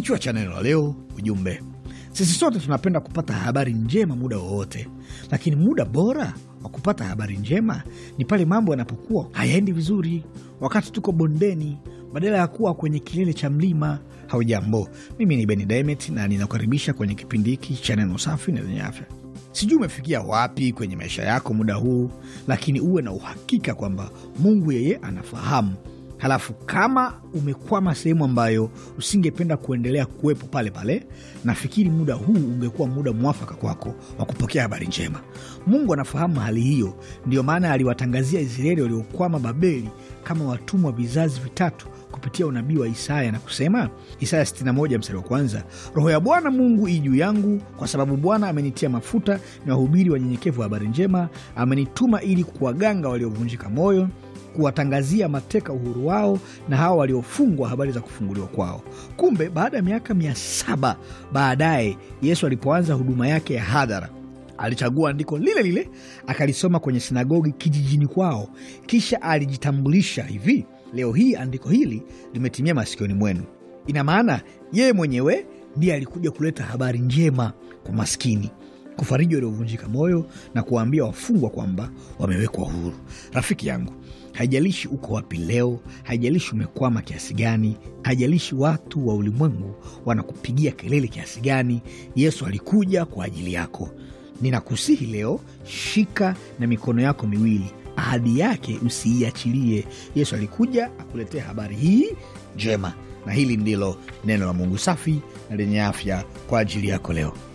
Kichwa cha neno la leo, ujumbe. Sisi sote tunapenda kupata habari njema muda wowote, lakini muda bora wa kupata habari njema ni pale mambo yanapokuwa hayaendi vizuri, wakati tuko bondeni badala ya kuwa kwenye kilele cha mlima. Haujambo, mimi ni Beni Demet na ninakukaribisha kwenye kipindi hiki cha neno safi na lenye afya. Sijui umefikia wapi kwenye maisha yako muda huu, lakini uwe na uhakika kwamba Mungu yeye anafahamu Halafu kama umekwama sehemu ambayo usingependa kuendelea kuwepo pale pale, nafikiri muda huu ungekuwa muda mwafaka kwako wa kupokea habari njema. Mungu anafahamu hali hiyo, ndiyo maana aliwatangazia Israeli waliokwama Babeli kama watumwa vizazi vitatu kupitia unabii wa Isaya na kusema, Isaya 61 mstari wa kwanza, roho ya Bwana Mungu ii juu yangu, kwa sababu Bwana amenitia mafuta ni wahubiri wanyenyekevu wa habari njema, amenituma ili kuwaganga waliovunjika moyo kuwatangazia mateka uhuru wao na hawa waliofungwa habari za kufunguliwa kwao. Kumbe baada ya miaka mia saba baadaye Yesu alipoanza huduma yake ya hadhara alichagua andiko lile lile akalisoma kwenye sinagogi kijijini kwao, kisha alijitambulisha hivi: leo hii andiko hili limetimia masikioni mwenu. Ina maana yeye mwenyewe ndiye alikuja kuleta habari njema kwa maskini kufariji waliovunjika moyo na kuwaambia wafungwa kwamba wamewekwa huru. Rafiki yangu, haijalishi uko wapi leo, haijalishi umekwama kiasi gani, haijalishi watu wa ulimwengu wanakupigia kelele kiasi gani, Yesu alikuja kwa ajili yako. Ninakusihi leo, shika na mikono yako miwili ahadi yake, usiiachilie. Yesu alikuja akuletea habari hii njema, na hili ndilo neno la Mungu safi na lenye afya kwa ajili yako leo.